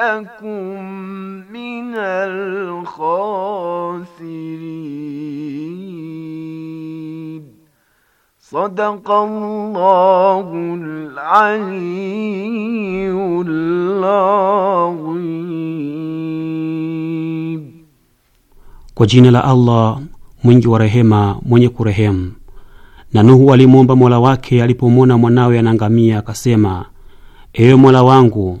تكن من الخاسرين صدق الله العلي العظيم وجينا jina la mwingi wa rehema mwenye kurehemu. Na Nuhu alimwomba mola wake alipomwona mwanawe anaangamia, akasema: ewe mola wangu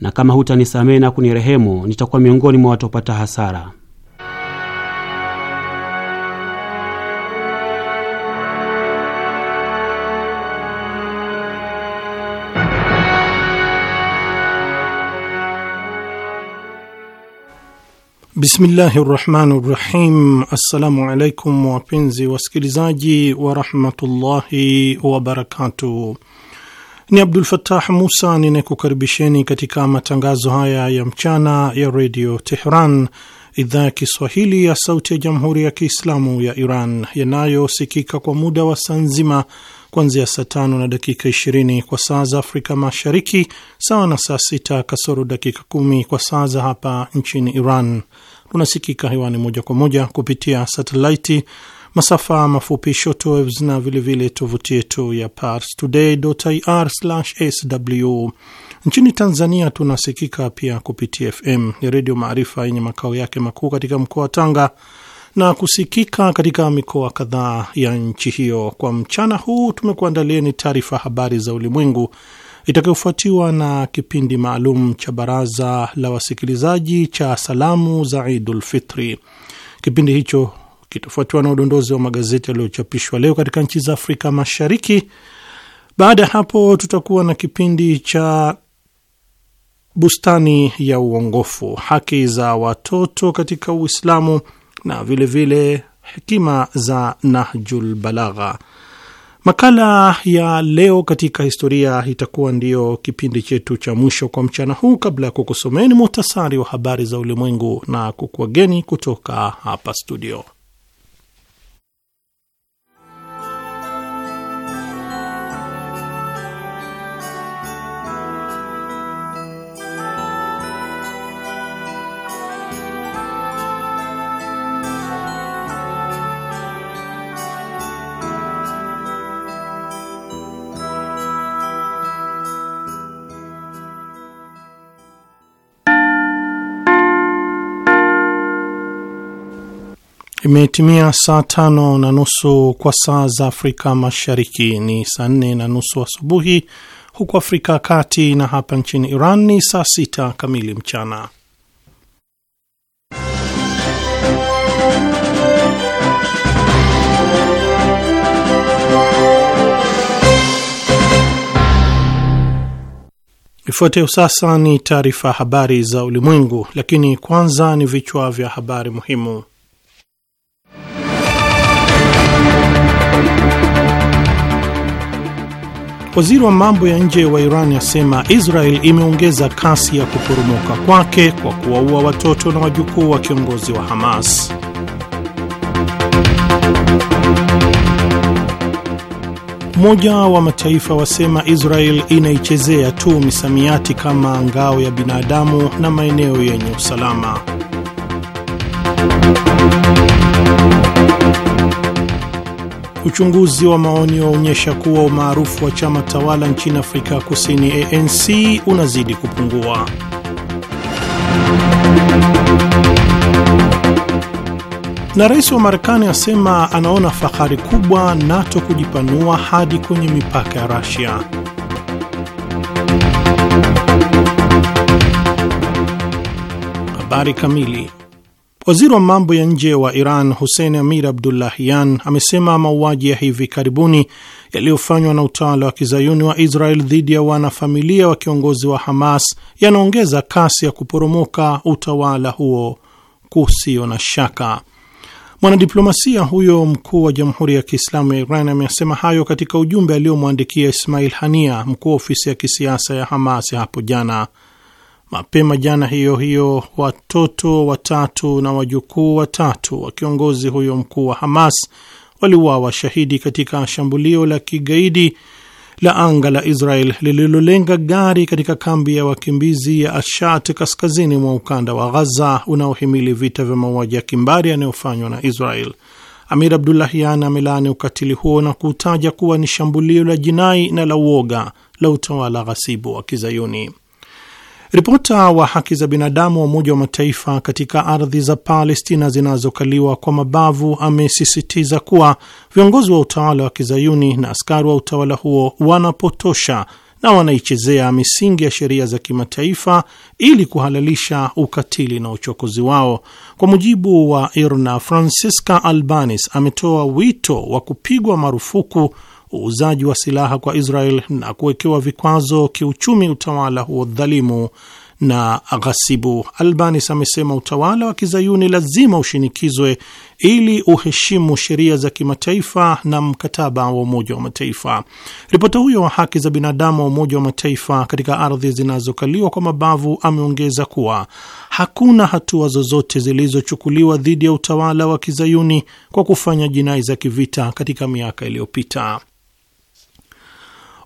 na kama hutanisamehe na kunirehemu nitakuwa miongoni mwa watu wapata hasara. Bismillahi rahmani rahim. Assalamu alaikum wapenzi wasikilizaji warahmatullahi wabarakatuh. Ni Abdul Fatah Musa ninayekukaribisheni katika matangazo haya ya mchana ya redio Tehran, idhaa ya Kiswahili ya sauti ya jamhuri ya Kiislamu ya Iran, yanayosikika kwa muda wa saa nzima kuanzia saa tano na dakika 20 kwa saa za Afrika Mashariki, sawa na saa sita kasoro dakika kumi kwa saa za hapa nchini Iran. Tunasikika hewani moja kwa moja kupitia satelaiti masafa mafupi shortwaves na vilevile tovuti yetu ya parstoday.ir/sw. Nchini Tanzania tunasikika pia kupitia FM ni Redio Maarifa yenye makao yake makuu katika mkoa wa Tanga na kusikika katika mikoa kadhaa ya nchi hiyo. Kwa mchana huu tumekuandalia ni taarifa habari za ulimwengu itakayofuatiwa na kipindi maalum cha baraza la wasikilizaji cha salamu za Idul Fitri. Kipindi hicho kitafuatiwa na udondozi wa magazeti yaliyochapishwa leo katika nchi za Afrika Mashariki. Baada ya hapo, tutakuwa na kipindi cha bustani ya uongofu, haki za watoto katika Uislamu na vilevile vile hekima za Nahjul Balagha. Makala ya leo katika historia itakuwa ndiyo kipindi chetu cha mwisho kwa mchana huu, kabla ya kukusomeni muhtasari wa habari za ulimwengu na kukuageni kutoka hapa studio. Imetimia saa tano na nusu kwa saa za Afrika Mashariki, ni saa nne na nusu asubuhi huku Afrika ya Kati, na hapa nchini Iran ni saa sita kamili mchana. Ifuatayo sasa ni taarifa ya habari za ulimwengu, lakini kwanza ni vichwa vya habari muhimu. Waziri wa mambo ya nje wa Iran asema Israel imeongeza kasi ya kuporomoka kwake kwa kuwaua watoto na wajukuu wa kiongozi wa Hamas. Umoja wa Mataifa wasema Israel inaichezea tu misamiati kama ngao ya binadamu na maeneo yenye usalama. Uchunguzi wa maoni waonyesha kuwa umaarufu wa chama tawala nchini Afrika Kusini ANC unazidi kupungua. Na rais wa Marekani asema anaona fahari kubwa NATO kujipanua hadi kwenye mipaka ya rusia Habari kamili Waziri wa mambo ya nje wa Iran Hussein Amir Abdullahian amesema mauaji ya hivi karibuni yaliyofanywa na utawala wa kizayuni wa Israel dhidi ya wanafamilia wa kiongozi wa Hamas yanaongeza kasi ya kuporomoka utawala huo kusio na shaka. Mwanadiplomasia huyo mkuu wa Jamhuri ya Kiislamu ya Iran amesema hayo katika ujumbe aliyomwandikia Ismail Hania, mkuu wa ofisi ya kisiasa ya Hamas hapo jana. Mapema jana hiyo hiyo, watoto watatu na wajukuu watatu wa kiongozi huyo mkuu wa Hamas waliuawa shahidi katika shambulio la kigaidi la anga la Israel lililolenga gari katika kambi ya wakimbizi ya Ashat kaskazini mwa ukanda wa Ghaza unaohimili vita vya mauaji ya kimbari yanayofanywa na Israel. Amir Abdullahian amelaani ukatili huo na kuutaja kuwa ni shambulio la jinai na la uoga la utawala ghasibu wa Kizayuni. Ripota wa haki za binadamu wa Umoja wa Mataifa katika ardhi za Palestina zinazokaliwa kwa mabavu amesisitiza kuwa viongozi wa utawala wa kizayuni na askari wa utawala huo wanapotosha na wanaichezea misingi ya sheria za kimataifa ili kuhalalisha ukatili na uchokozi wao. Kwa mujibu wa IRNA, Francisca Albanis ametoa wito wa kupigwa marufuku uuzaji wa silaha kwa Israel na kuwekewa vikwazo kiuchumi utawala huo dhalimu na ghasibu. Albanis amesema utawala wa kizayuni lazima ushinikizwe ili uheshimu sheria za kimataifa na mkataba wa Umoja wa Mataifa. Ripota huyo wa haki za binadamu wa Umoja wa Mataifa katika ardhi zinazokaliwa kwa mabavu ameongeza kuwa hakuna hatua zozote zilizochukuliwa dhidi ya utawala wa kizayuni kwa kufanya jinai za kivita katika miaka iliyopita.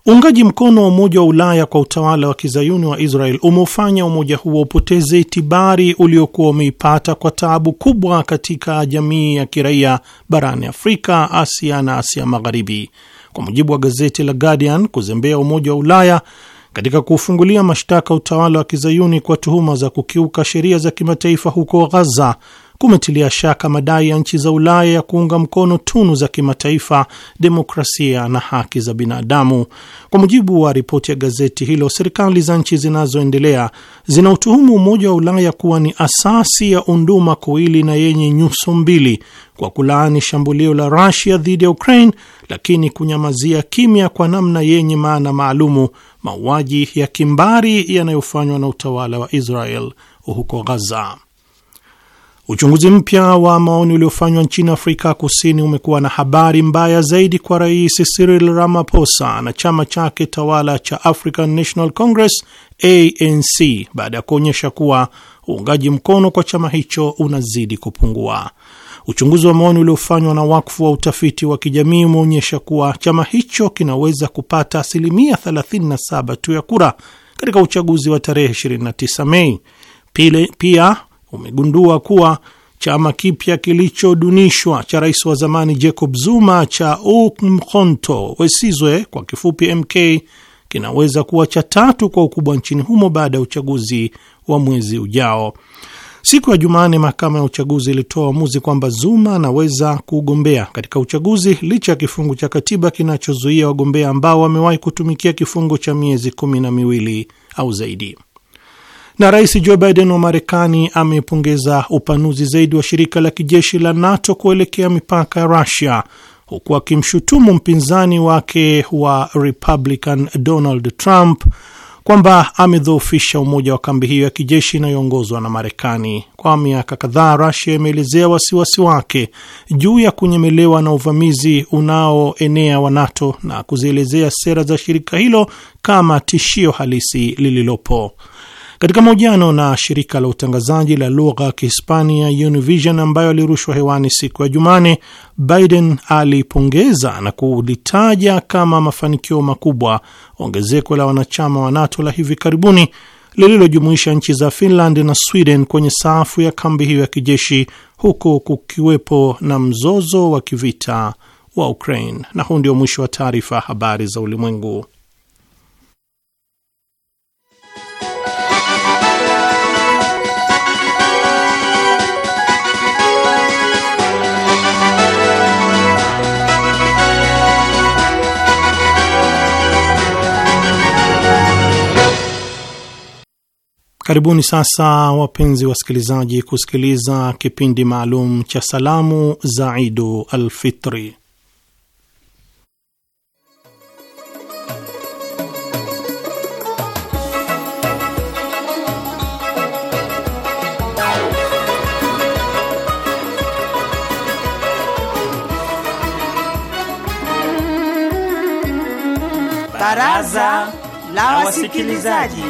Uungaji mkono wa Umoja wa Ulaya kwa utawala wa kizayuni wa Israel umeufanya umoja huo upoteze itibari uliokuwa umeipata kwa taabu kubwa katika jamii ya kiraia barani Afrika, Asia na Asia Magharibi. Kwa mujibu wa gazeti la Guardian, kuzembea Umoja wa Ulaya katika kuufungulia mashtaka utawala wa kizayuni kwa tuhuma za kukiuka sheria za kimataifa huko Ghaza kumetilia shaka madai ya nchi za Ulaya ya kuunga mkono tunu za kimataifa, demokrasia na haki za binadamu. Kwa mujibu wa ripoti ya gazeti hilo, serikali za nchi zinazoendelea zinautuhumu Umoja wa Ulaya kuwa ni asasi ya unduma kuili na yenye nyuso mbili kwa kulaani shambulio la rasia dhidi ya Ukraine, lakini kunyamazia kimya kwa namna yenye maana maalumu mauaji ya kimbari yanayofanywa na utawala wa Israel huko Gaza. Uchunguzi mpya wa maoni uliofanywa nchini Afrika Kusini umekuwa na habari mbaya zaidi kwa Rais Cyril Ramaphosa na chama chake tawala cha African National Congress ANC baada ya kuonyesha kuwa uungaji mkono kwa chama hicho unazidi kupungua. Uchunguzi wa maoni uliofanywa na wakfu wa utafiti wa kijamii umeonyesha kuwa chama hicho kinaweza kupata asilimia 37 tu ya kura katika uchaguzi wa tarehe 29 Mei. Pia umegundua kuwa chama kipya kilichodunishwa cha rais wa zamani Jacob Zuma cha UMkhonto Wesizwe kwa kifupi MK kinaweza kuwa cha tatu kwa ukubwa nchini humo baada ya uchaguzi wa mwezi ujao. Siku ya Jumanne, mahakama ya uchaguzi ilitoa uamuzi kwamba Zuma anaweza kugombea katika uchaguzi licha ya kifungu cha katiba kinachozuia wagombea ambao wamewahi kutumikia kifungo cha miezi kumi na miwili au zaidi. Na Rais Joe Biden wa Marekani amepongeza upanuzi zaidi wa shirika la kijeshi la NATO kuelekea mipaka ya Rusia, huku akimshutumu mpinzani wake wa Republican Donald Trump kwamba amedhoofisha umoja wa kambi hiyo ya kijeshi inayoongozwa na Marekani. Kwa miaka kadhaa, Rusia imeelezea wasiwasi wake juu ya kunyemelewa na uvamizi unaoenea wa NATO na kuzielezea sera za shirika hilo kama tishio halisi lililopo. Katika mahojiano na shirika la utangazaji la lugha ya Kihispania Univision ambayo alirushwa hewani siku ya Jumane, Biden alipongeza na kulitaja kama mafanikio makubwa ongezeko la wanachama wa NATO la hivi karibuni lililojumuisha nchi za Finland na Sweden kwenye safu ya kambi hiyo ya kijeshi huku kukiwepo na mzozo wa kivita wa Ukraine. Na huu ndio mwisho wa taarifa habari za ulimwengu. Karibuni sasa wapenzi wasikilizaji, kusikiliza kipindi maalum cha salamu za Idu Alfitri. Baraza la Wasikilizaji.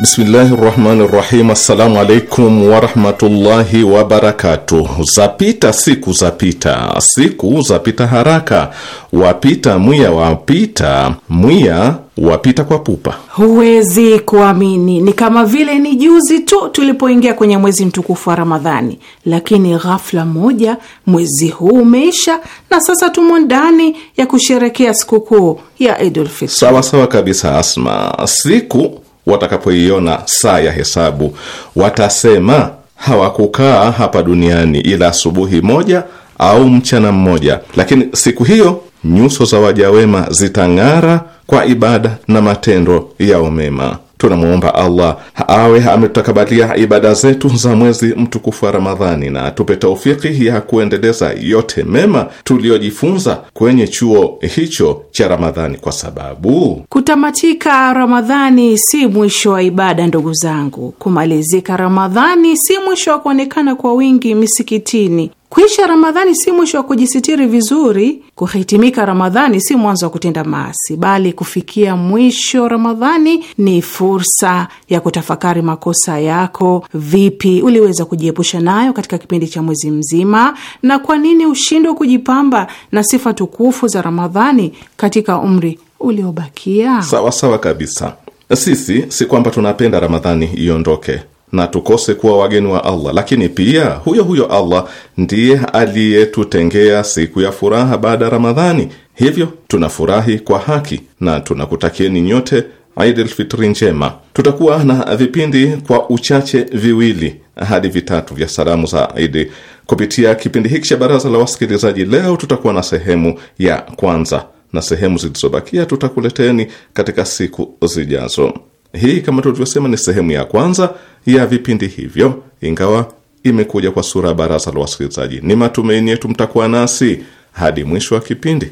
Bismillahi rahmani rahim. Assalamu alaikum warahmatullahi wabarakatuh. Zapita siku zapita, siku zapita haraka, wapita mwiya wapita mwiya wapita kwa pupa. Huwezi kuamini, ni kama vile ni juzi tu tulipoingia kwenye mwezi mtukufu wa Ramadhani, lakini ghafla moja mwezi huu umeisha na sasa tumo ndani ya kusherekea sikukuu ya Idul Fitri. Sawa sawa kabisa, Asma, siku watakapoiona saa ya hesabu, watasema hawakukaa hapa duniani ila asubuhi moja au mchana mmoja, lakini siku hiyo nyuso za wajawema zitang'ara kwa ibada na matendo yao mema. Tunamwomba Allah awe ametutakabalia ibada zetu za mwezi mtukufu wa Ramadhani na atupe taufiki ya kuendeleza yote mema tuliyojifunza kwenye chuo hicho cha Ramadhani, kwa sababu kutamatika Ramadhani si mwisho wa ibada. Ndugu zangu, kumalizika Ramadhani si mwisho wa kuonekana kwa wingi misikitini Kuisha Ramadhani si mwisho wa kujisitiri vizuri. Kuhitimika Ramadhani si mwanzo wa kutenda maasi, bali kufikia mwisho Ramadhani ni fursa ya kutafakari makosa yako. Vipi uliweza kujiepusha nayo katika kipindi cha mwezi mzima, na kwa nini ushindwe kujipamba na sifa tukufu za Ramadhani katika umri uliobakia? Sawasawa kabisa. Sisi si kwamba tunapenda Ramadhani iondoke na tukose kuwa wageni wa Allah. Lakini pia huyo huyo Allah ndiye aliyetutengea siku ya furaha baada ya Ramadhani, hivyo tunafurahi kwa haki na tunakutakieni nyote al-Fitr njema. Tutakuwa na vipindi kwa uchache viwili hadi vitatu vya salamu za Idi kupitia kipindi hiki cha baraza la wasikilizaji. Leo tutakuwa na sehemu ya kwanza na sehemu zilizobakia tutakuleteni katika siku zijazo. Hii kama tulivyosema ni sehemu ya kwanza ya vipindi hivyo, ingawa imekuja kwa sura ya baraza la wasikilizaji. Ni matumaini yetu mtakuwa nasi hadi mwisho wa kipindi.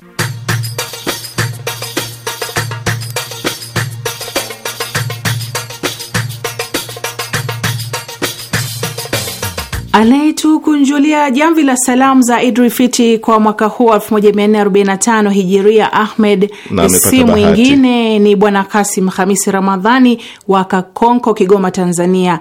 Anayetukunjulia jamvi la salamu za Idrifiti kwa mwaka huu 1445 hijiria Ahmed, si mwingine ni Bwana Kasim Hamisi Ramadhani wa Kakonko, Kigoma, Tanzania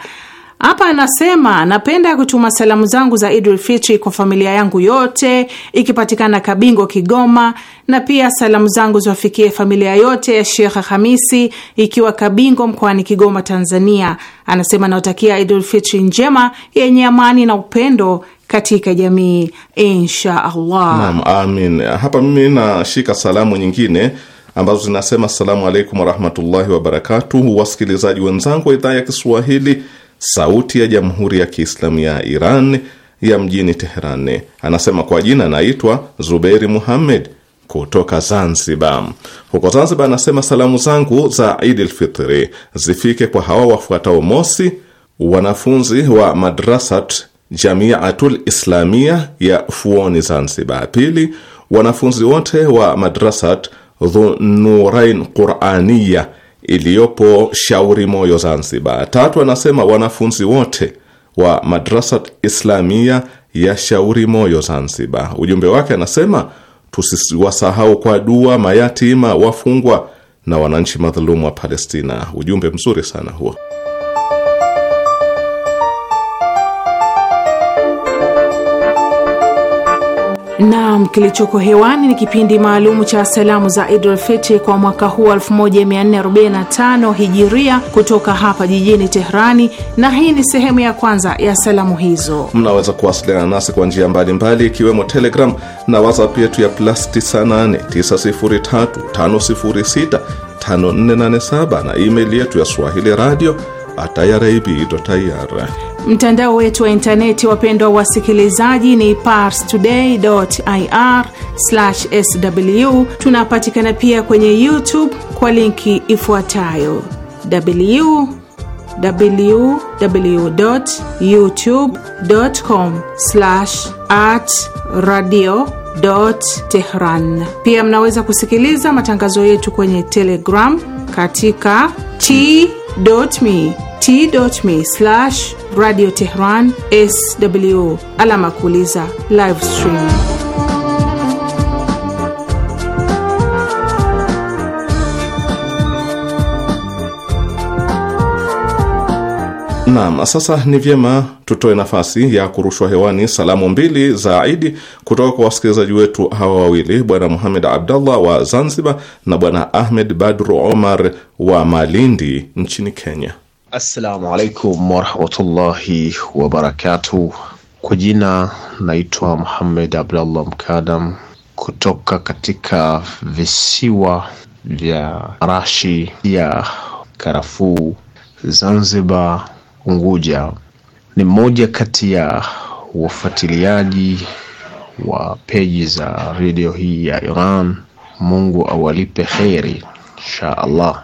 hapa anasema napenda kutuma salamu zangu za Idul Fitri kwa familia yangu yote ikipatikana Kabingo, Kigoma, na pia salamu zangu ziwafikie familia yote ya Shekh Hamisi ikiwa Kabingo mkoani Kigoma, Tanzania. Anasema anaotakia Idul Fitri njema yenye amani na upendo katika jamii, insha Allah. Naam, amin. Hapa mimi nashika salamu nyingine ambazo zinasema, assalamu alaikum warahmatullahi wabarakatuh, wasikilizaji wenzangu wa idhaa ya Kiswahili Sauti ya Jamhuri ya Kiislamu ya Iran ya mjini Teheran. Anasema kwa jina anaitwa Zuberi Muhammed kutoka Zanzibar. Huko Zanzibar anasema salamu zangu za idi lfitri zifike kwa hawa wafuatao: mosi, wanafunzi wa madrasat Jamiatul Islamia ya Fuoni Zanzibar; pili, wanafunzi wote wa madrasat Dhunurain quraniya iliyopo Shauri Moyo, Zanzibar. Tatu, anasema wanafunzi wote wa Madrasa Islamia ya Shauri Moyo, Zanzibar. Ujumbe wake anasema tusiwasahau kwa dua mayatima, wafungwa na wananchi madhulumu wa Palestina. Ujumbe mzuri sana huo. Naam, kilichoko hewani ni kipindi maalumu cha salamu za Idul Fitri kwa mwaka huu 1445 Hijiria kutoka hapa jijini Teherani, na hii ni sehemu ya kwanza ya salamu hizo. Mnaweza kuwasiliana nasi kwa njia mbalimbali, ikiwemo Telegram na WhatsApp yetu ya plus 989035065487 na email yetu ya swahili radio atayaraib.ir. Mtandao wetu wa intaneti, wapendwa wasikilizaji, ni parstoday.ir/sw. Tunapatikana pia kwenye YouTube kwa linki ifuatayo www.youtube.com/radio Tehran. Pia mnaweza kusikiliza matangazo yetu kwenye Telegram katika t.me t.me slash radio Tehran sw alama kuuliza live stream. Naam, sasa ni vyema tutoe nafasi ya kurushwa hewani salamu mbili za Idi kutoka kwa wasikilizaji wetu hawa wawili, Bwana Muhamed Abdallah wa Zanzibar na Bwana Ahmed Badru Omar wa Malindi nchini Kenya. Assalamu alaikum warahmatullahi wabarakatu. Kwa jina naitwa Muhamed Abdallah Mkadam kutoka katika visiwa vya rashi ya karafuu Zanzibar Unguja ni mmoja kati ya wafuatiliaji wa peji za redio hii ya Iran. Mungu awalipe kheri insha Allah.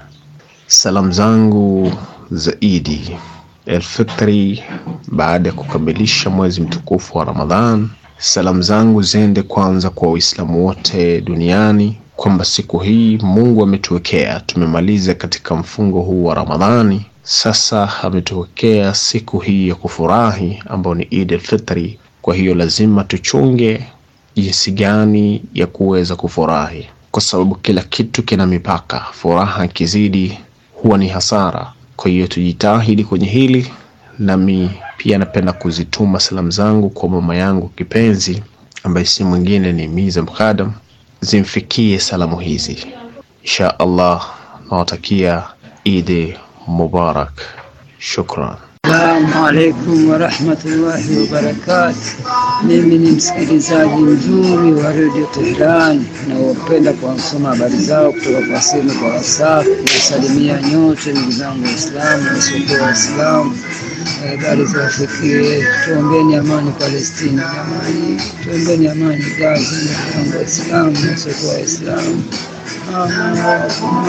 Salamu zangu zaidi Elfitri baada ya kukamilisha mwezi mtukufu wa Ramadhan. Salamu zangu ziende kwanza kwa Waislamu wote duniani kwamba siku hii Mungu ametuwekea tumemaliza katika mfungo huu wa Ramadhani sasa ametokea siku hii ya kufurahi ambayo ni Eid al-Fitri. Kwa hiyo lazima tuchunge jinsi gani ya kuweza kufurahi, kwa sababu kila kitu kina mipaka. Furaha kizidi huwa ni hasara. Kwa hiyo tujitahidi kwenye hili, nami pia napenda kuzituma salamu zangu kwa mama yangu kipenzi ambaye si mwingine ni Miza Mkadam, zimfikie salamu hizi insha Allah. Nawatakia Eid مبارك شكرا Salamu alaikum warahmatullahi wabarakatu. Mimi ni msikilizaji mzuri wa redio Teherani, nawapenda kuwasoma habari zao kutoka kwa simu kwa wasafi Nawasalimia nyote ndugu zangu Waislamu, wasiokuwa Waislamu za ziwafikie, tuombeni amani Palestina amani tuombeni amani Gaza, na Waislamu wasiokuwa Waislamu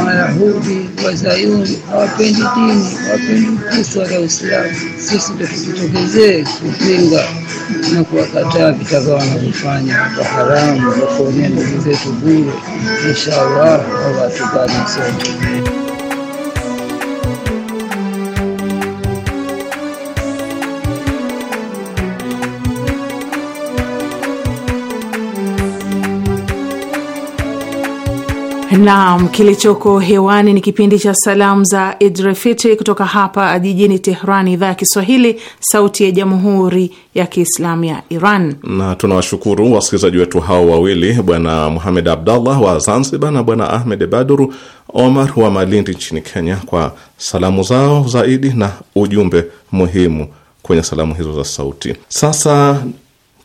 Mayahudi Wazayuni hawapendi dini, hawapendi Ukristo wala Uislamu. Sisi ndo tujitokezee kupinga na kuwakataa vitaka wanavyofanya kwa haramu, wakuonea ndugu zetu bure. Inshallah Allah atukane sote. Naam, kilichoko hewani ni kipindi cha salamu za idrefiti kutoka hapa jijini tehran idhaa ya Kiswahili, sauti ya jamhuri ya kiislamu ya Iran. Na tunawashukuru wasikilizaji wetu hao wawili, Bwana Muhamed Abdallah wa Zanzibar na Bwana Ahmed Baduru Omar wa Malindi nchini Kenya kwa salamu zao zaidi na ujumbe muhimu kwenye salamu hizo za sauti. Sasa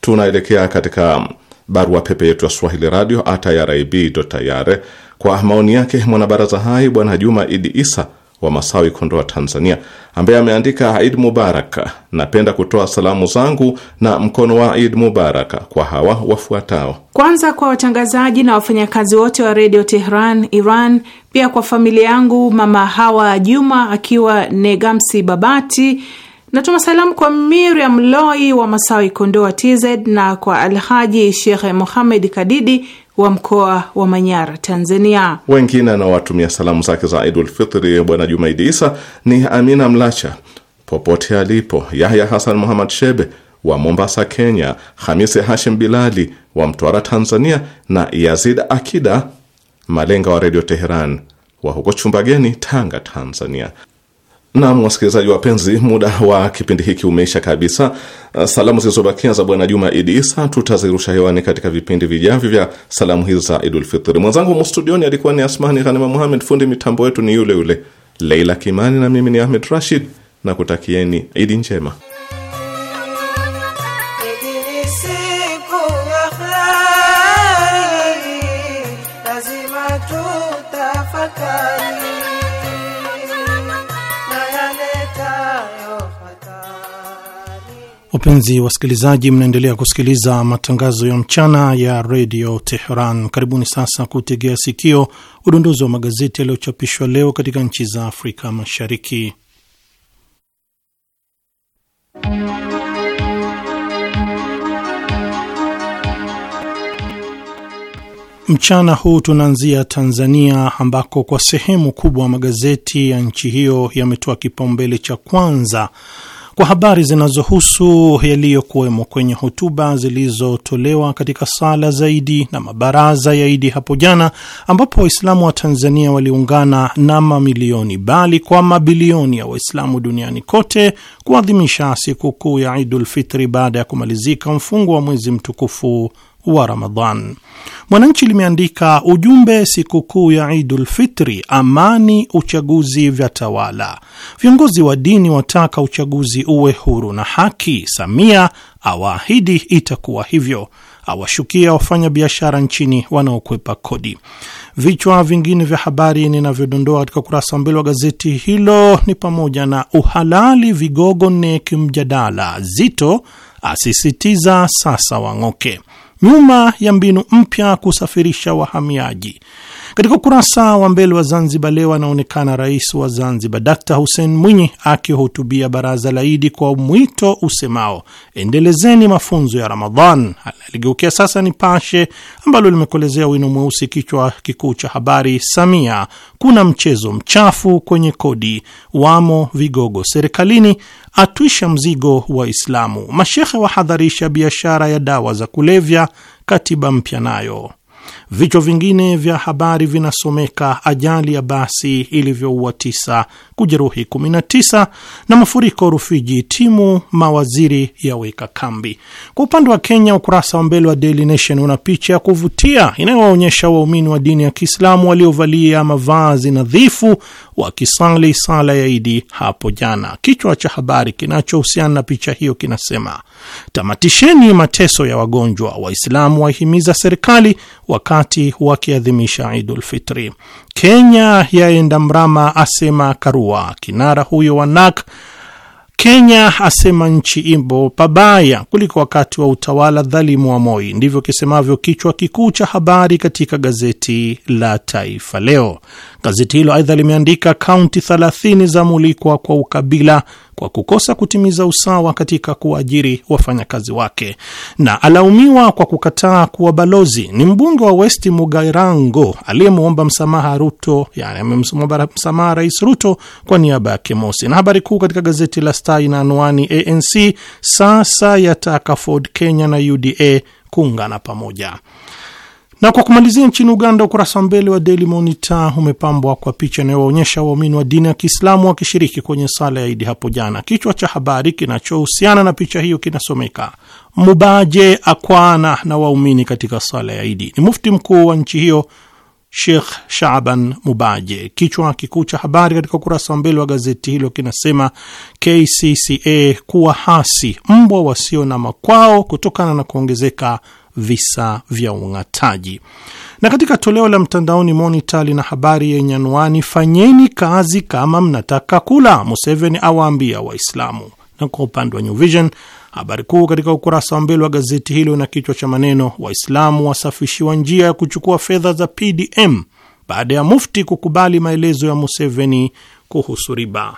tunaelekea katika barua pepe yetu ya swahili radio at irib.ir kwa maoni yake mwanabaraza hai Bwana Juma Idi Isa wa Masawi, Kondoa, Tanzania, ambaye ameandika id Mubarak. Napenda kutoa salamu zangu na mkono wa aid Mubarak kwa hawa wafuatao: kwanza kwa watangazaji na wafanyakazi wote wa redio Tehran, Iran, pia kwa familia yangu, mama Hawa Juma akiwa Negamsi, Babati. Natuma salamu kwa Miriam Loi wa Masawi, Kondoa, TZ, na kwa Alhaji Shekhe Muhamed Kadidi wa mkoa wa Manyara, Tanzania. Wengine anawatumia salamu zake za Idul Fitri Bwana Jumaidi Isa ni Amina Mlacha popote alipo, Yahya Hasan Muhammad Shebe wa Mombasa, Kenya, Hamisi Hashim Bilali wa Mtwara, Tanzania, na Yazid Akida Malenga wa Redio Teheran wa huko Chumbageni, Tanga, Tanzania. Nam wasikilizaji wapenzi, muda wa kipindi hiki umeisha kabisa. Uh, salamu zilizobakia za Bwana Juma Idi Isa tutazirusha hewani katika vipindi vijavyo vya salamu hizi za Idulfitri. Mwenzangu mstudioni alikuwa ni Asmani Ghanima Muhamed, fundi mitambo wetu ni yule yule Leila Kimani, na mimi ni Ahmed Rashid na kutakieni Idi njema. Wapenzi wasikilizaji, mnaendelea kusikiliza matangazo ya mchana ya redio Teheran. Karibuni sasa kutegea sikio udondozi wa magazeti yaliyochapishwa leo katika nchi za Afrika Mashariki. Mchana huu tunaanzia Tanzania ambako kwa sehemu kubwa magazeti ya nchi hiyo yametoa kipaumbele cha kwanza kwa habari zinazohusu yaliyokuwemo kwenye hotuba zilizotolewa katika sala zaidi na mabaraza ya Idi hapo jana, ambapo Waislamu wa Tanzania waliungana na mamilioni bali kwa mabilioni ya Waislamu duniani kote kuadhimisha sikukuu ya Idul Fitri baada ya kumalizika mfungo wa mwezi mtukufu wa Ramadhan. Mwananchi limeandika ujumbe sikukuu ya idulfitri Fitri, amani uchaguzi vya tawala, viongozi wa dini wataka uchaguzi uwe huru na haki, Samia awaahidi itakuwa hivyo, awashukia wafanyabiashara nchini wanaokwepa kodi. Vichwa vingine vya habari ninavyodondoa katika ukurasa wa mbele wa gazeti hilo ni pamoja na uhalali vigogo nne kimjadala, Zito asisitiza sasa wang'oke nyuma ya mbinu mpya kusafirisha wahamiaji katika ukurasa wa mbele wa Zanzibar Leo anaonekana rais wa Zanzibar d Hussein Mwinyi akihutubia baraza la Idi kwa mwito usemao endelezeni mafunzo ya Ramadhan. Aligeukia sasa Nipashe ambalo limekolezea wino mweusi kichwa kikuu cha habari, Samia kuna mchezo mchafu kwenye kodi, wamo vigogo serikalini, atwisha mzigo Waislamu, mashehe wahadharisha biashara ya dawa za kulevya, katiba mpya nayo Vichwa vingine vya habari vinasomeka ajali ya basi ilivyoua tisa kujeruhi 19 na mafuriko Rufiji, timu mawaziri yaweka kambi. Kwa upande wa Kenya, ukurasa wa mbele wa Daily Nation una picha ya kuvutia inayowaonyesha waumini wa dini ya Kiislamu waliovalia mavazi nadhifu wakisali sala ya Idi hapo jana. Kichwa cha habari kinachohusiana na picha hiyo kinasema tamatisheni mateso ya wagonjwa, Waislamu wahimiza serikali waka wakati wakiadhimisha Idul Fitri. Kenya yaenda mrama, asema Karua, kinara huyo wa NAK. Kenya asema nchi imbo pabaya kuliko wakati wa utawala dhalimu wa Moi. Ndivyo kisemavyo kichwa kikuu cha habari katika gazeti la Taifa Leo. Gazeti hilo aidha limeandika kaunti 30 za mulikwa kwa ukabila kwa kukosa kutimiza usawa katika kuajiri wafanyakazi wake, na alaumiwa kwa kukataa kuwa balozi. Ni mbunge wa West Mugairango aliyemwomba msamaha Ruto, yani amemwomba msamaha Rais Ruto kwa niaba ya kemosi Na habari kuu katika gazeti la Star ina anwani ANC sasa yataka Ford Kenya na UDA kuungana pamoja. Na kwa kumalizia, nchini Uganda, ukurasa wa mbele wa Daily Monitor umepambwa kwa picha inayowaonyesha waumini wa dini ya Kiislamu wakishiriki kwenye sala ya Idi hapo jana. Kichwa cha habari kinachohusiana na picha hiyo kinasomeka Mubaje akwana na waumini katika sala ya Idi. Ni mufti mkuu wa nchi hiyo Sheikh Shaban Mubaje. Kichwa kikuu cha habari katika ukurasa wa mbele wa gazeti hilo kinasema KCCA kuwa hasi mbwa wasio na makwao kutokana na kuongezeka visa vya ungataji Na katika toleo la mtandaoni Monita lina habari yenye anwani fanyeni kazi kama mnataka kula, Museveni awaambia Waislamu. Na kwa upande wa New Vision habari kuu katika ukurasa wa mbele wa gazeti hilo na kichwa cha maneno Waislamu wasafishiwa njia ya kuchukua fedha za PDM baada ya mufti kukubali maelezo ya Museveni kuhusu riba.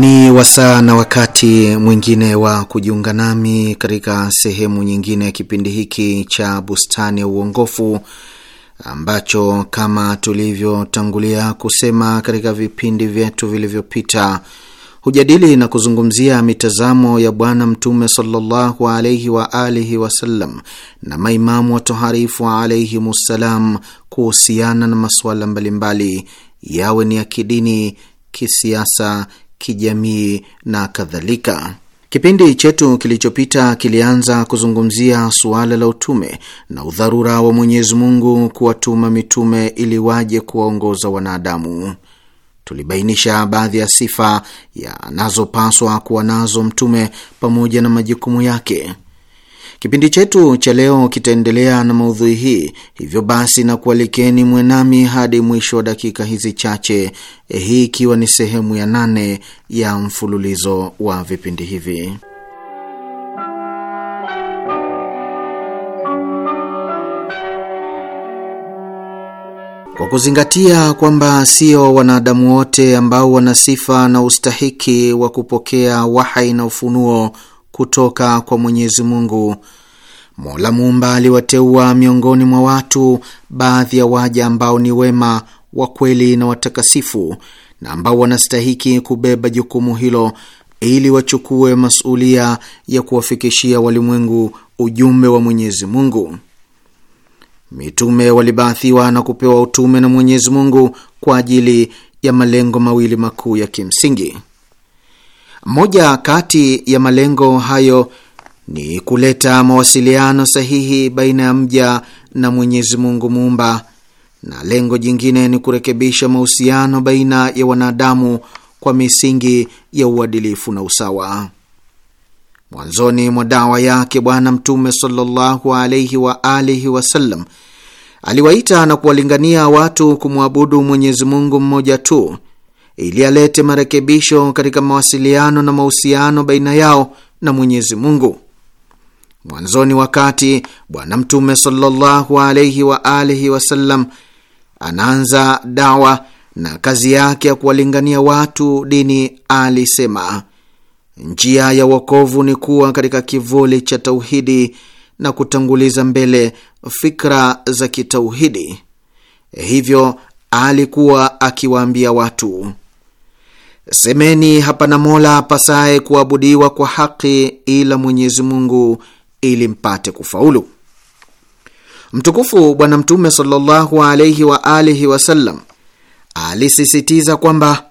Ni wasaa na wakati mwingine wa kujiunga nami katika sehemu nyingine ya kipindi hiki cha Bustani ya Uongofu, ambacho kama tulivyotangulia kusema katika vipindi vyetu vilivyopita hujadili na kuzungumzia mitazamo ya Bwana Mtume sallallahu alaihi wa alihi wasallam na maimamu watoharifu alaihimussalam kuhusiana na masuala mbalimbali, yawe ni ya kidini, kisiasa kijamii na kadhalika. Kipindi chetu kilichopita kilianza kuzungumzia suala la utume na udharura wa Mwenyezi Mungu kuwatuma mitume ili waje kuwaongoza wanadamu. Tulibainisha baadhi ya sifa yanazopaswa kuwa nazo mtume pamoja na majukumu yake. Kipindi chetu cha leo kitaendelea na maudhui hii, hivyo basi na kualikeni mwenami hadi mwisho wa dakika hizi chache, hii ikiwa ni sehemu ya nane ya mfululizo wa vipindi hivi. Kwa kuzingatia kwamba sio wanadamu wote ambao wana sifa na ustahiki wa kupokea wahai na ufunuo kutoka kwa Mwenyezi Mungu. Mola Muumba aliwateua miongoni mwa watu baadhi ya waja ambao ni wema wa kweli na watakasifu na ambao wanastahiki kubeba jukumu hilo ili wachukue masulia ya kuwafikishia walimwengu ujumbe wa Mwenyezi Mungu. Mitume walibaathiwa na kupewa utume na Mwenyezi Mungu kwa ajili ya malengo mawili makuu ya kimsingi. Moja kati ya malengo hayo ni kuleta mawasiliano sahihi baina ya mja na Mwenyezi Mungu Muumba, na lengo jingine ni kurekebisha mahusiano baina ya wanadamu kwa misingi ya uadilifu na usawa. Mwanzoni mwa dawa yake Bwana Mtume sallallahu alaihi wa alihi wasallam aliwaita na kuwalingania watu kumwabudu Mwenyezi Mungu mmoja tu ili alete marekebisho katika mawasiliano na mahusiano baina yao na Mwenyezi Mungu. Mwanzoni, wakati Bwana Mtume sallallahu alaihi wa alihi wasallam anaanza dawa na kazi yake ya kuwalingania watu dini, alisema njia ya wokovu ni kuwa katika kivuli cha tauhidi na kutanguliza mbele fikra za kitauhidi. Hivyo alikuwa akiwaambia watu Semeni, hapana mola pasaye kuabudiwa kwa haki ila Mwenyezi Mungu, ili mpate kufaulu. Mtukufu Bwana Mtume sallallahu alaihi wa alihi wasallam alisisitiza kwamba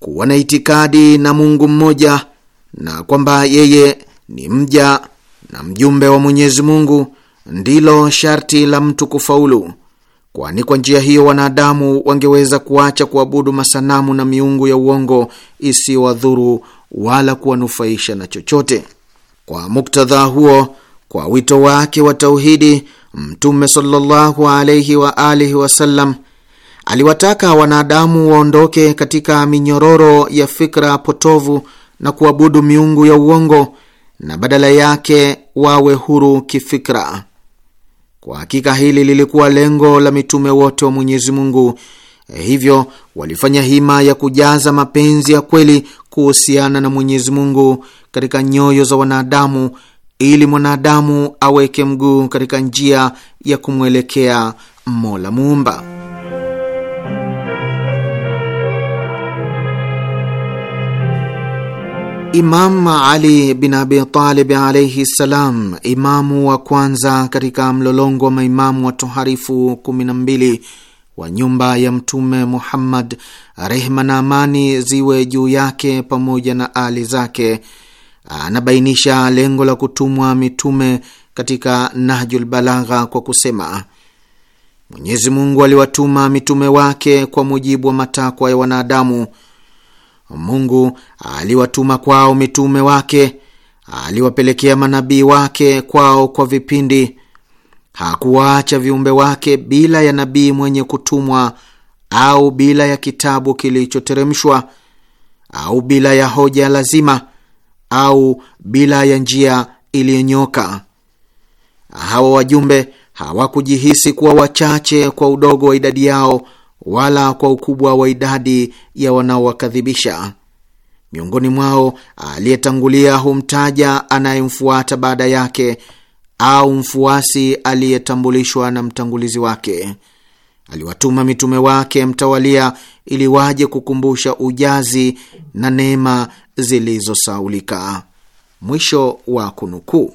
kuwa na itikadi na Mungu mmoja na kwamba yeye ni mja na mjumbe wa Mwenyezi Mungu ndilo sharti la mtu kufaulu kwani kwa njia hiyo wanadamu wangeweza kuacha kuabudu masanamu na miungu ya uongo isiyowadhuru wala kuwanufaisha na chochote. Kwa muktadha huo, kwa wito wake wa tauhidi, Mtume sallallahu alaihi wa alihi wasallam aliwataka wanadamu waondoke katika minyororo ya fikra potovu na kuabudu miungu ya uongo na badala yake wawe huru kifikra. Kwa hakika hili lilikuwa lengo la mitume wote wa Mwenyezi Mungu. E, hivyo walifanya hima ya kujaza mapenzi ya kweli kuhusiana na Mwenyezi Mungu katika nyoyo za wanadamu ili mwanadamu aweke mguu katika njia ya kumwelekea Mola Muumba. Imam Ali bin Abi Talib alaihi ssalam, imamu wa kwanza katika mlolongo wa maimamu watoharifu kumi na mbili wa nyumba ya Mtume Muhammad, rehma na amani ziwe juu yake pamoja na ali zake, anabainisha lengo la kutumwa mitume katika Nahjul Balagha kwa kusema Mwenyezi Mungu aliwatuma mitume wake kwa mujibu wa matakwa ya wanadamu Mungu aliwatuma kwao mitume wake, aliwapelekea manabii wake kwao kwa vipindi. Hakuwaacha viumbe wake bila ya nabii mwenye kutumwa au bila ya kitabu kilichoteremshwa au bila ya hoja lazima au bila ya njia iliyonyoka. Hawa wajumbe hawakujihisi kuwa wachache kwa udogo wa idadi yao wala kwa ukubwa wa idadi ya wanaowakadhibisha. Miongoni mwao aliyetangulia humtaja anayemfuata baada yake au mfuasi aliyetambulishwa na mtangulizi wake. Aliwatuma mitume wake mtawalia ili waje kukumbusha ujazi na neema zilizosaulika. Mwisho wa kunukuu.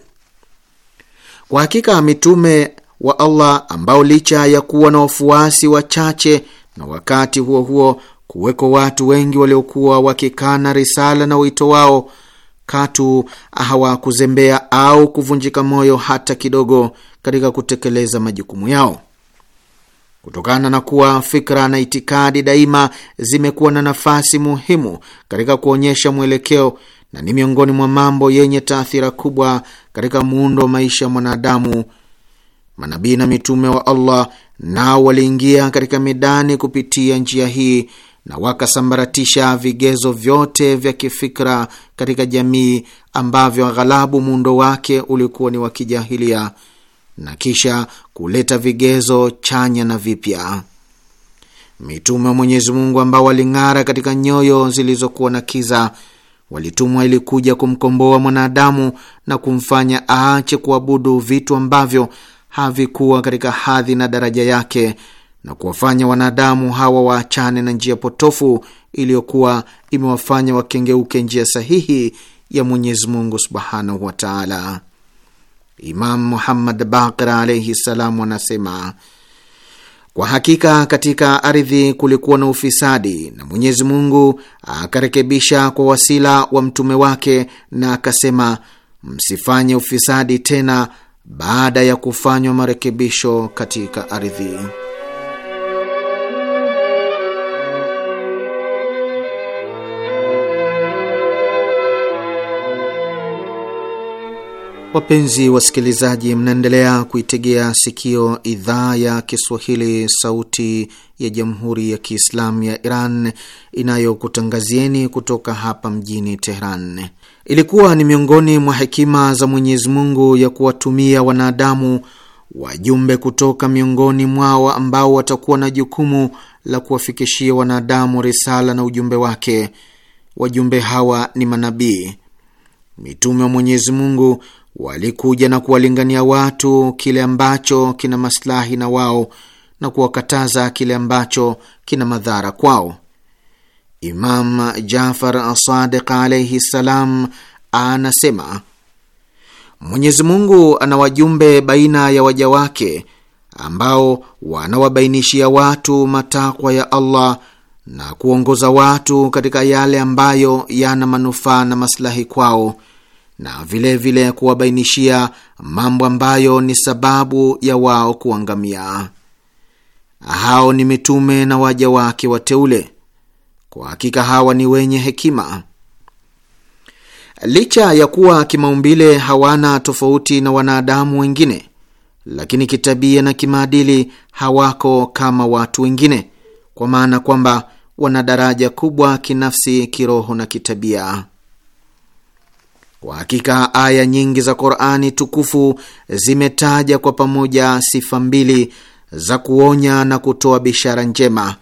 Kwa hakika mitume wa Allah ambao licha ya kuwa na wafuasi wachache na wakati huo huo kuweko watu wengi waliokuwa wakikana risala na wito wao, katu hawakuzembea au kuvunjika moyo hata kidogo katika kutekeleza majukumu yao, kutokana na kuwa fikra na itikadi daima zimekuwa na nafasi muhimu katika kuonyesha mwelekeo na ni miongoni mwa mambo yenye taathira kubwa katika muundo wa maisha ya mwanadamu manabii na mitume wa Allah nao waliingia katika medani kupitia njia hii na wakasambaratisha vigezo vyote vya kifikra katika jamii ambavyo aghalabu muundo wake ulikuwa ni wa kijahilia na kisha kuleta vigezo chanya na vipya. Mitume wa Mwenyezi Mungu ambao waling'ara katika nyoyo zilizokuwa na kiza walitumwa ili kuja kumkomboa mwanadamu na kumfanya aache kuabudu vitu ambavyo havikuwa katika hadhi na daraja yake na kuwafanya wanadamu hawa waachane na njia potofu iliyokuwa imewafanya wakengeuke njia sahihi ya Mwenyezi Mungu subhanahu wa taala. Imam Muhammad Baqir alaihi ssalam anasema kwa hakika katika ardhi kulikuwa na ufisadi, na Mwenyezi Mungu akarekebisha kwa wasila wa mtume wake, na akasema msifanye ufisadi tena baada ya kufanywa marekebisho katika ardhi. Wapenzi wasikilizaji, mnaendelea kuitegea sikio idhaa ya Kiswahili, sauti ya jamhuri ya kiislamu ya Iran inayokutangazieni kutoka hapa mjini Teheran ilikuwa ni miongoni mwa hekima za Mwenyezi Mungu ya kuwatumia wanadamu wajumbe kutoka miongoni mwao ambao watakuwa na jukumu la kuwafikishia wanadamu risala na ujumbe wake. Wajumbe hawa ni manabii. Mitume wa Mwenyezi Mungu walikuja na kuwalingania watu kile ambacho kina maslahi na wao na kuwakataza kile ambacho kina madhara kwao. Imam Jafar Asadiq alaihi ssalam anasema Mwenyezi Mungu ana wajumbe baina ya waja wake ambao wanawabainishia watu matakwa ya Allah na kuongoza watu katika yale ambayo yana manufaa na maslahi kwao na vilevile vile kuwabainishia mambo ambayo ni sababu ya wao kuangamia. Hao ni mitume na waja wake wateule. Kwa hakika hawa ni wenye hekima. Licha ya kuwa kimaumbile hawana tofauti na wanadamu wengine, lakini kitabia na kimaadili hawako kama watu wengine, kwa maana kwamba wana daraja kubwa kinafsi, kiroho na kitabia. Kwa hakika aya nyingi za Qurani tukufu zimetaja kwa pamoja sifa mbili za kuonya na kutoa bishara njema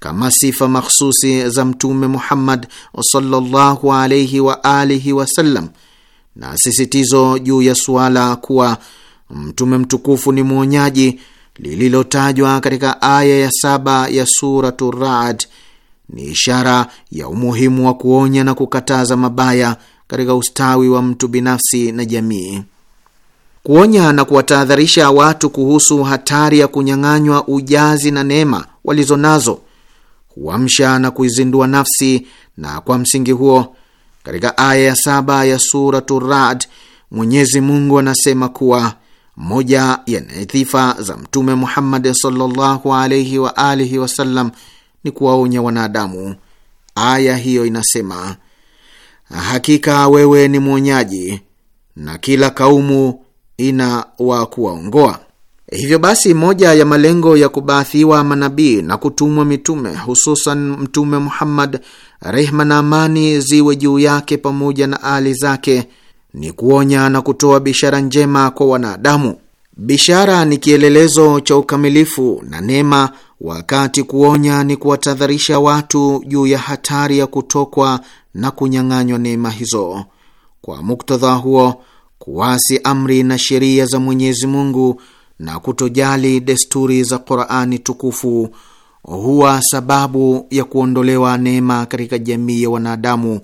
kama sifa makhususi za Mtume Muhammad sallallahu alaihi wa alihi wasallam na sisitizo juu ya suala kuwa mtume mtukufu ni mwonyaji lililotajwa katika aya ya saba ya Suratu Raad ni ishara ya umuhimu wa kuonya na kukataza mabaya katika ustawi wa mtu binafsi na jamii. Kuonya na kuwatahadharisha watu kuhusu hatari ya kunyang'anywa ujazi na neema walizonazo huamsha na kuizindua nafsi, na kwa msingi huo katika aya ya saba ya Suratu Rad Mwenyezi Mungu anasema kuwa moja ya nadhifa za Mtume Muhammad sallallahu alaihi wa alihi wasallam ni kuwaonya wanadamu. Aya hiyo inasema, hakika wewe ni mwonyaji na kila kaumu ina wa kuwaongoa. Hivyo basi, moja ya malengo ya kubaathiwa manabii na kutumwa mitume, hususan Mtume Muhammad, rehma na amani ziwe juu yake pamoja na ali zake, ni kuonya na kutoa bishara njema kwa wanadamu. Bishara ni kielelezo cha ukamilifu na neema, wakati kuonya ni kuwatadharisha watu juu ya hatari ya kutokwa na kunyang'anywa neema hizo. Kwa muktadha huo, kuasi amri na sheria za Mwenyezi Mungu na kutojali desturi za Qurani tukufu huwa sababu ya kuondolewa neema katika jamii ya wanadamu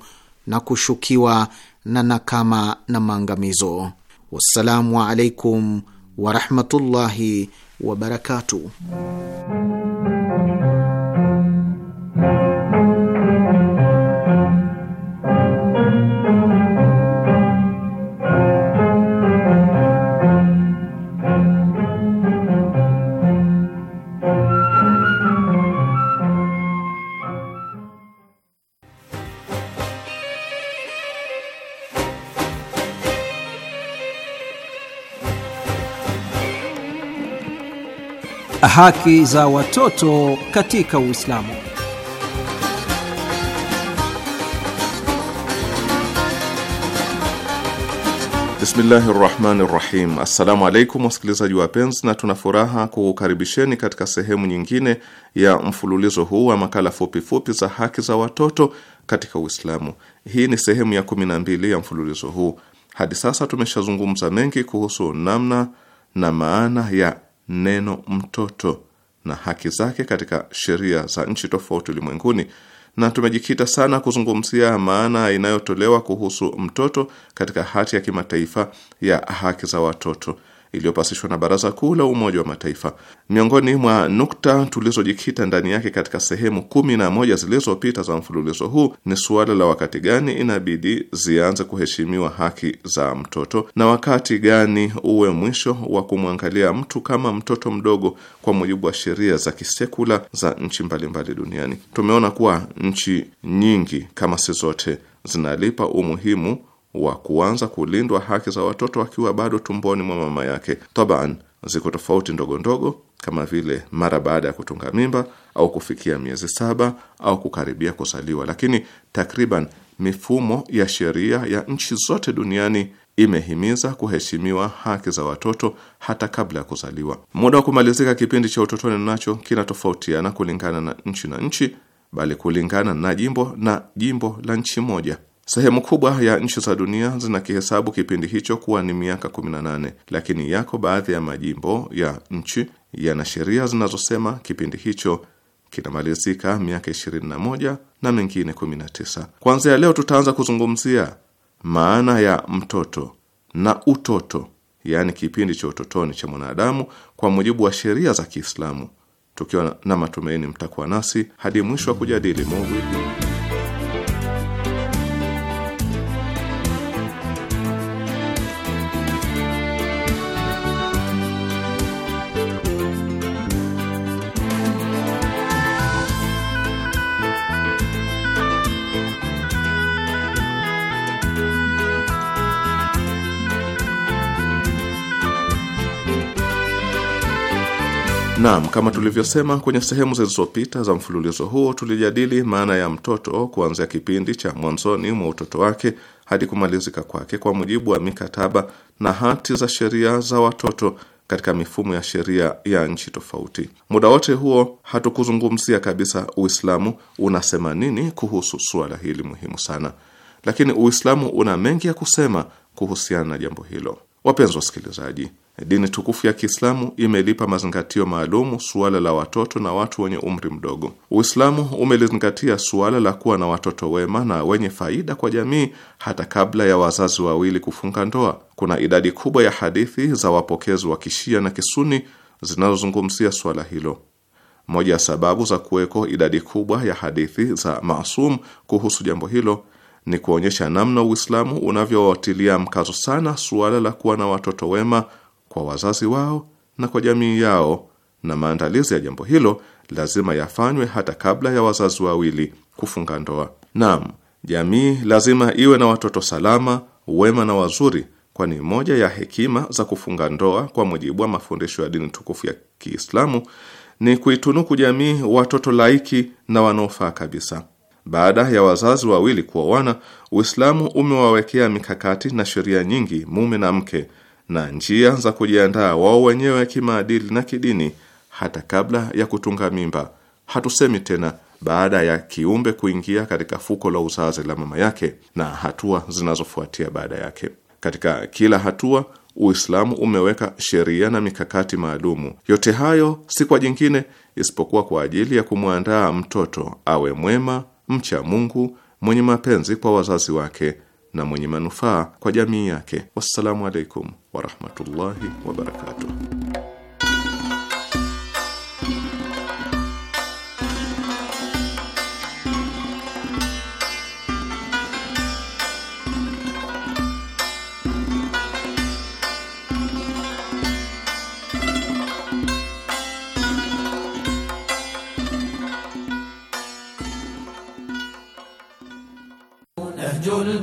na kushukiwa na nakama na maangamizo. Wassalamu alaikum warahmatullahi wabarakatuh. Haki za watoto katika Uislamu. Bismillahi rahmani rahim. Assalamu alaikum wasikilizaji wapenzi, na tuna furaha kukukaribisheni katika sehemu nyingine ya mfululizo huu wa makala fupifupi za haki za watoto katika Uislamu. Hii ni sehemu ya kumi na mbili ya mfululizo huu. Hadi sasa tumeshazungumza mengi kuhusu namna na maana ya neno mtoto na haki zake katika sheria za nchi tofauti ulimwenguni, na tumejikita sana kuzungumzia maana inayotolewa kuhusu mtoto katika hati ya kimataifa ya haki za watoto iliyopasishwa na Baraza Kuu la Umoja wa Mataifa. Miongoni mwa nukta tulizojikita ndani yake katika sehemu kumi na moja zilizopita za mfululizo huu ni suala la wakati gani inabidi zianze kuheshimiwa haki za mtoto na wakati gani uwe mwisho wa kumwangalia mtu kama mtoto mdogo kwa mujibu wa sheria za kisekula za nchi mbalimbali duniani. Tumeona kuwa nchi nyingi kama si zote zinalipa umuhimu wa kuanza kulindwa haki za watoto wakiwa bado tumboni mwa mama yake. Taban ziko tofauti ndogo ndogo kama vile mara baada ya kutunga mimba au kufikia miezi saba au kukaribia kuzaliwa, lakini takriban mifumo ya sheria ya nchi zote duniani imehimiza kuheshimiwa haki za watoto hata kabla ya kuzaliwa. Muda wa kumalizika kipindi cha utotoni nacho kinatofautiana kulingana na nchi na nchi, bali kulingana na jimbo na jimbo la nchi moja. Sehemu kubwa ya nchi za dunia zinakihesabu kipindi hicho kuwa ni miaka 18, lakini yako baadhi ya majimbo ya nchi yana sheria zinazosema kipindi hicho kinamalizika miaka 21 na mengine 19. Kuanzia leo tutaanza kuzungumzia maana ya mtoto na utoto, yaani kipindi cha utotoni cha mwanadamu kwa mujibu wa sheria za Kiislamu, tukiwa na matumaini mtakuwa nasi hadi mwisho wa kujadili maudhui. Naam, kama tulivyosema kwenye sehemu zilizopita za mfululizo huo, tulijadili maana ya mtoto kuanzia kipindi cha mwanzoni mwa utoto wake hadi kumalizika kwake kwa mujibu wa mikataba na hati za sheria za watoto katika mifumo ya sheria ya nchi tofauti. Muda wote huo hatukuzungumzia kabisa Uislamu unasema nini kuhusu suala hili muhimu sana, lakini Uislamu una mengi ya kusema kuhusiana na jambo hilo. Wapenzi wasikilizaji Dini tukufu ya Kiislamu imelipa mazingatio maalumu suala la watoto na watu wenye umri mdogo. Uislamu umelizingatia suala la kuwa na watoto wema na wenye faida kwa jamii hata kabla ya wazazi wawili kufunga ndoa. Kuna idadi kubwa ya hadithi za wapokezi wa Kishia na Kisuni zinazozungumzia suala hilo. Moja ya sababu za kuweko idadi kubwa ya hadithi za Masum kuhusu jambo hilo ni kuonyesha namna Uislamu unavyowatilia mkazo sana suala la kuwa na watoto wema kwa wazazi wao na kwa jamii yao, na maandalizi ya jambo hilo lazima yafanywe hata kabla ya wazazi wawili kufunga ndoa. Naam, jamii lazima iwe na watoto salama, wema na wazuri, kwani moja ya hekima za kufunga ndoa kwa mujibu wa mafundisho ya dini tukufu ya Kiislamu ni kuitunuku jamii watoto laiki na wanaofaa kabisa. Baada ya wazazi wawili kuoana, Uislamu umewawekea mikakati na sheria nyingi mume na mke na njia za kujiandaa wao wenyewe kimaadili na kidini hata kabla ya kutunga mimba, hatusemi tena baada ya kiumbe kuingia katika fuko la uzazi la mama yake na hatua zinazofuatia baada yake. Katika kila hatua Uislamu umeweka sheria na mikakati maalumu. Yote hayo si kwa jingine isipokuwa kwa ajili ya kumwandaa mtoto awe mwema, mcha Mungu, mwenye mapenzi kwa wazazi wake na mwenye manufaa kwa jamii yake. Wassalamu alaikum warahmatullahi wabarakatuh.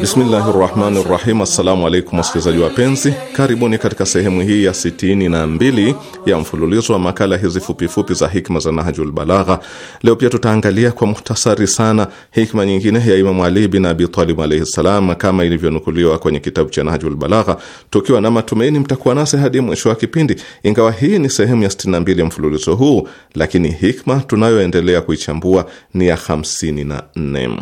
Bismillahi rahmani rahim. Assalamu alaikum wasikilizaji wapenzi, karibuni katika sehemu hii ya sitini na mbili ya mfululizo wa makala hizi fupifupi za hikma za Nahjul Balagha. Leo pia tutaangalia kwa muhtasari sana hikma nyingine ya Imamu Ali bin Abi Talib alaihi ssalam, kama ilivyonukuliwa kwenye kitabu cha Nahjul Balagha, tukiwa na matumaini mtakuwa nasi hadi mwisho wa kipindi. Ingawa hii ni sehemu ya sitini na mbili ya mfululizo huu, lakini hikma tunayoendelea kuichambua ni ya hamsini na nne.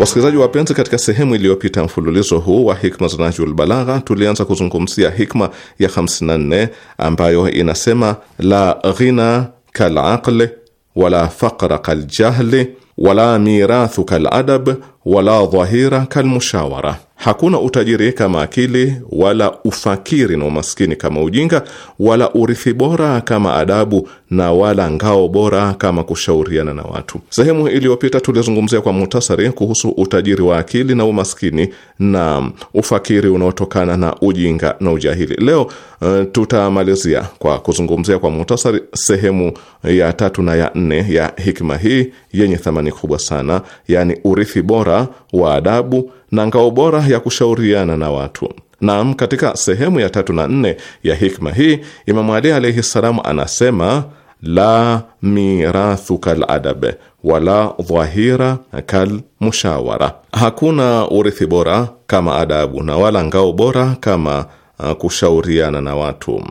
Wasikilizaji wapenzi, katika sehemu iliyopita mfululizo huu wa hikma za Najul Balagha tulianza kuzungumzia hikma ya 54 ambayo inasema: la ghina kalaqli wala faqra kaljahli wala mirathu kaladab wala dhahira kalmushawara, hakuna utajiri kama akili, wala ufakiri na umaskini kama ujinga, wala urithi bora kama adabu, na wala ngao bora kama kushauriana na watu. Sehemu iliyopita tulizungumzia kwa muhtasari kuhusu utajiri wa akili na umaskini na ufakiri unaotokana na ujinga na ujahili. Leo eh, tutamalizia kwa kuzungumzia kwa muhtasari sehemu ya tatu na ya nne ya hikma hii yenye thamani kubwa sana, yani urithi bora bora wa adabu na ngao bora ya kushauriana na watu. Naam, katika sehemu ya tatu na nne ya hikma hii Imamu Ali alaihi ssalam anasema la mirathu kal adab wala dhahira kal mushawara, hakuna urithi bora kama adabu na wala ngao bora kama uh, kushauriana na watu.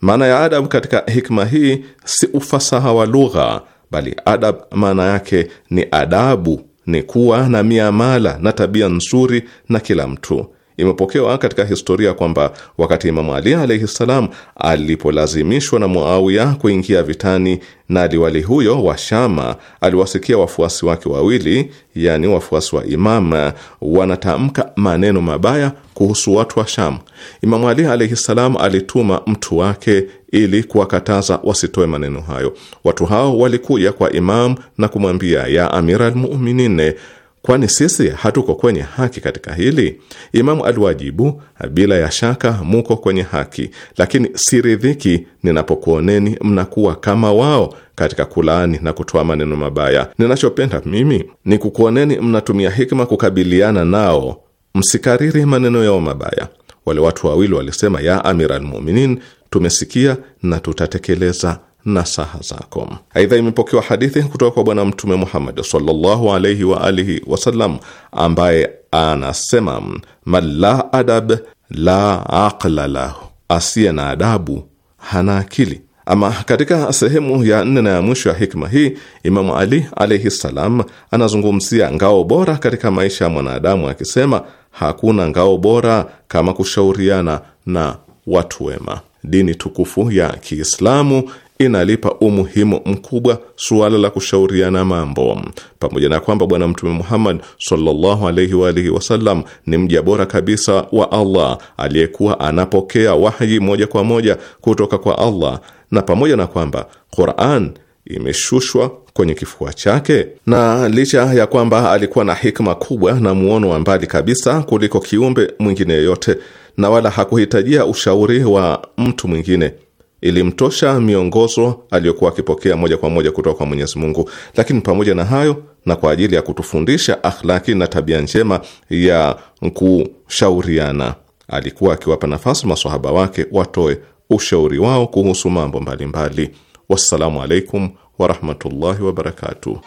Maana ya adab katika hikma hii si ufasaha wa lugha, bali adab maana yake ni adabu ni kuwa na miamala na tabia nzuri na kila mtu Imepokewa katika historia kwamba wakati Imamu Ali alaihi ssalam alipolazimishwa na Muawiya kuingia vitani na liwali huyo wa Shama, aliwasikia wafuasi wake wawili, yani wafuasi wa Imam wanatamka maneno mabaya kuhusu watu wa Sham. Imamu Ali alaihi ssalam alituma mtu wake ili kuwakataza wasitoe maneno hayo. Watu hao walikuja kwa Imam na kumwambia, ya amira almuminine Kwani sisi hatuko kwenye haki katika hili? Imamu aliwajibu, bila ya shaka muko kwenye haki, lakini siridhiki ninapokuoneni mnakuwa kama wao katika kulaani na kutoa maneno mabaya. Ninachopenda mimi ni kukuoneni mnatumia hikma kukabiliana nao, msikariri maneno yao mabaya. Wale watu wawili walisema, ya amiralmuminin tumesikia na tutatekeleza nasaha zako. Aidha, imepokewa hadithi kutoka kwa Bwana Mtume Muhammad sallallahu alaihi wa alihi wasallam ambaye anasema man la adab la aqla lahu, asiye na adabu hana akili. Ama katika sehemu ya nne na ya mwisho ya hikma hii, Imamu Ali alaihi ssalam anazungumzia ngao bora katika maisha ya mwanadamu akisema, hakuna ngao bora kama kushauriana na watu wema. Dini tukufu ya Kiislamu inalipa umuhimu mkubwa suala la kushauriana mambo, pamoja na kwamba Bwana Mtume Muhammad sallallahu alaihi wa alihi wasallam ni mja bora kabisa wa Allah aliyekuwa anapokea wahyi moja kwa moja kutoka kwa Allah, na pamoja na kwamba Quran imeshushwa kwenye kifua chake, na licha ya kwamba alikuwa na hikma kubwa na muono wa mbali kabisa kuliko kiumbe mwingine yoyote, na wala hakuhitajia ushauri wa mtu mwingine ilimtosha miongozo aliyokuwa akipokea moja kwa moja kutoka kwa Mwenyezi Mungu. Lakini pamoja na hayo, na kwa ajili ya kutufundisha akhlaki na tabia njema ya kushauriana, alikuwa akiwapa nafasi masahaba wake watoe ushauri wao kuhusu mambo mbalimbali. Wassalamu alaikum warahmatullahi wabarakatuh.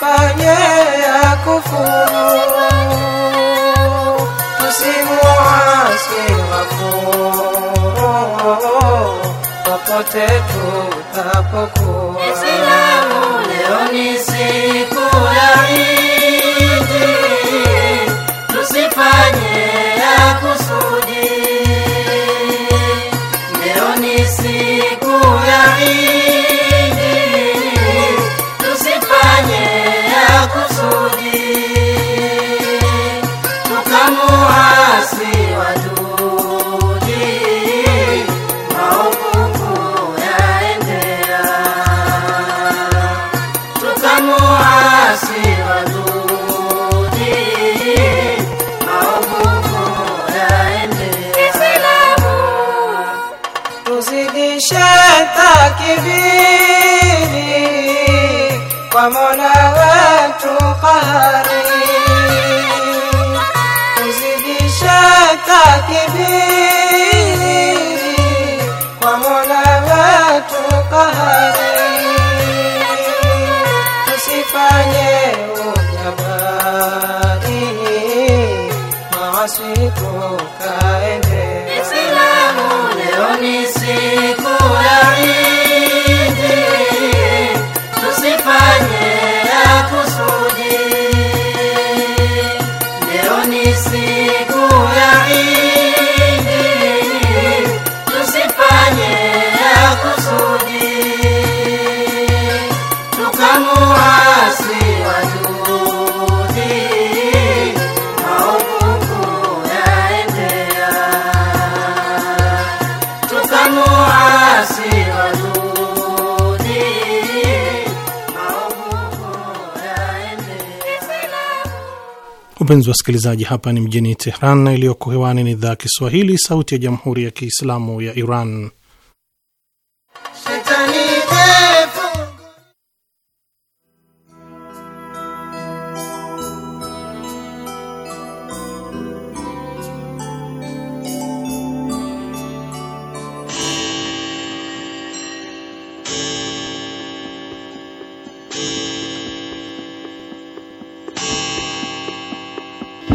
usifanye kufuru, tusimuasi Ghafuru popote tutapokuwa. Islamu leo ni siku ya Sara Wapenzi wasikilizaji, hapa ni mjini Tehran na iliyoko hewani ni idhaa ya Kiswahili, sauti ya jamhuri ya kiislamu ya Iran.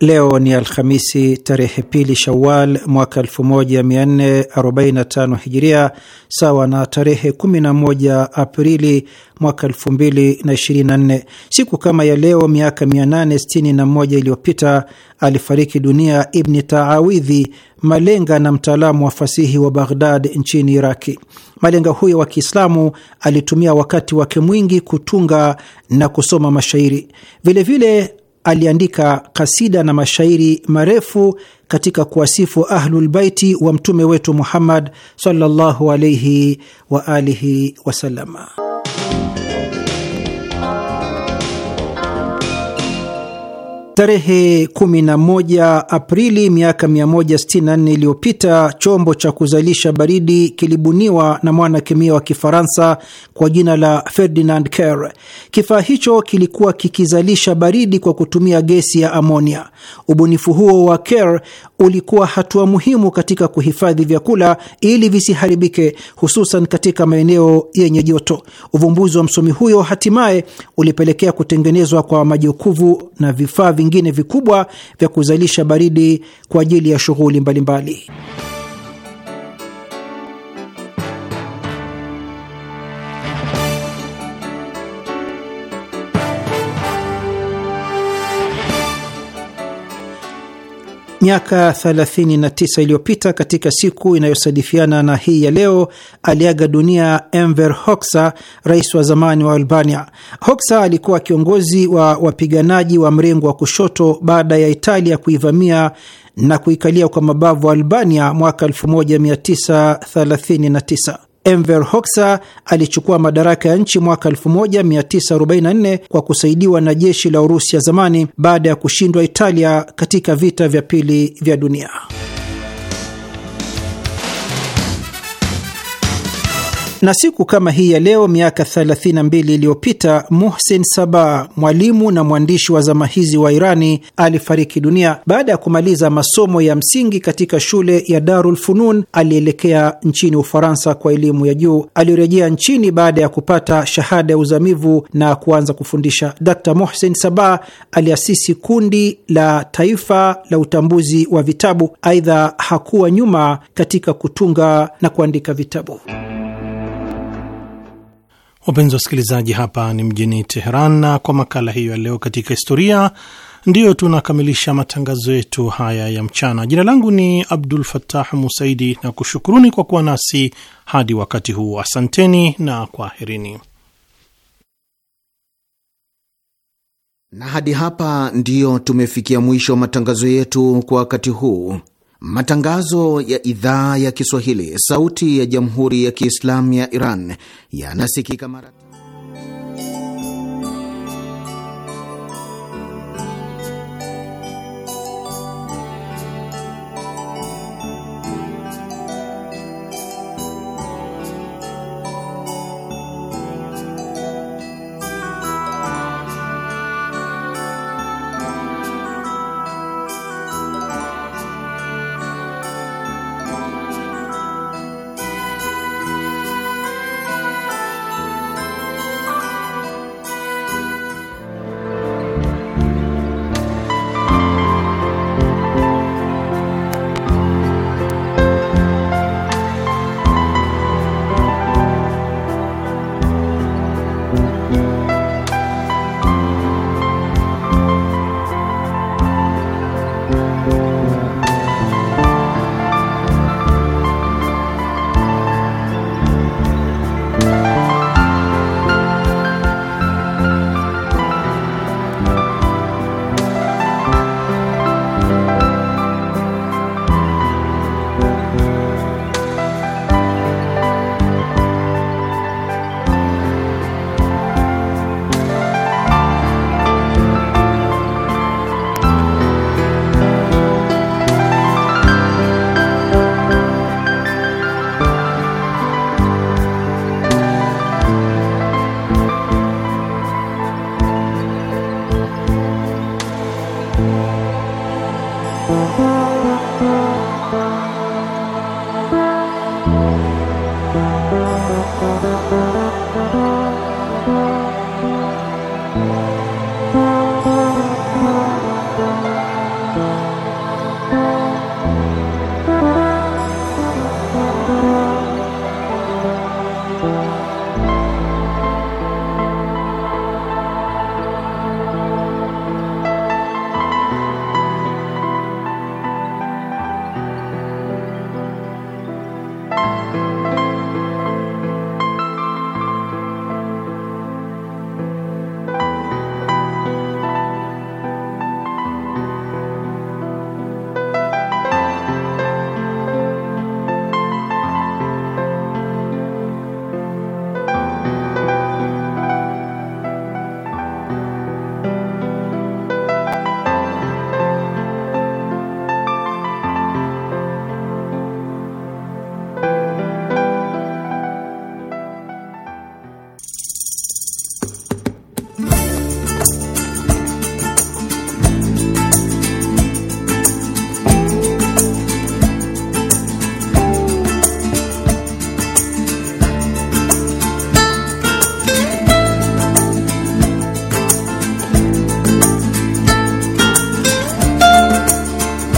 Leo ni Alhamisi tarehe pili Shawal mwaka 1445 Hijiria, sawa na tarehe 11 Aprili mwaka 2024. Siku kama ya leo miaka 861 iliyopita alifariki dunia Ibni Taawidhi, malenga na mtaalamu wa fasihi wa Baghdad nchini Iraki. Malenga huyo wa Kiislamu alitumia wakati wake mwingi kutunga na kusoma mashairi. Vilevile aliandika kasida na mashairi marefu katika kuwasifu Ahlulbaiti wa mtume wetu Muhammad sallallahu alaihi wa alihi wasalama. Tarehe 11 Aprili miaka 164 iliyopita chombo cha kuzalisha baridi kilibuniwa na mwanakemia wa Kifaransa kwa jina la Ferdinand Care. Kifaa hicho kilikuwa kikizalisha baridi kwa kutumia gesi ya amonia. Ubunifu huo wa Care ulikuwa hatua muhimu katika kuhifadhi vyakula ili visiharibike, hususan katika maeneo yenye joto. Uvumbuzi wa msomi huyo hatimaye ulipelekea kutengenezwa kwa majokofu na vifaa vingine vikubwa vya kuzalisha baridi kwa ajili ya shughuli mbalimbali. Miaka 39 iliyopita katika siku inayosadifiana na hii ya leo aliaga dunia Enver Hoxha, rais wa zamani wa Albania. Hoxha alikuwa kiongozi wa wapiganaji wa mrengo wa kushoto baada ya Italia kuivamia na kuikalia kwa mabavu Albania mwaka 1939. Enver Hoxha alichukua madaraka ya nchi mwaka 1944 kwa kusaidiwa na jeshi la Urusi ya zamani baada ya kushindwa Italia katika vita vya pili vya dunia. Na siku kama hii ya leo miaka 32 iliyopita Muhsin Saba, mwalimu na mwandishi wa zama hizi wa Irani, alifariki dunia. Baada ya kumaliza masomo ya msingi katika shule ya Darul Funun, alielekea nchini Ufaransa kwa elimu ya juu. aliyorejea nchini baada ya kupata shahada ya uzamivu na kuanza kufundisha. Dr Muhsin Saba aliasisi kundi la taifa la utambuzi wa vitabu. Aidha, hakuwa nyuma katika kutunga na kuandika vitabu. Wapenzi wasikilizaji, hapa ni mjini Teheran, na kwa makala hiyo ya leo katika historia ndiyo tunakamilisha matangazo yetu haya ya mchana. Jina langu ni Abdul Fattah Musaidi na kushukuruni kwa kuwa nasi hadi wakati huu. Asanteni na kwaherini. Na hadi hapa ndiyo tumefikia mwisho wa matangazo yetu kwa wakati huu. Matangazo ya idhaa ya Kiswahili, sauti ya jamhuri ya kiislamu ya Iran yanasikika mara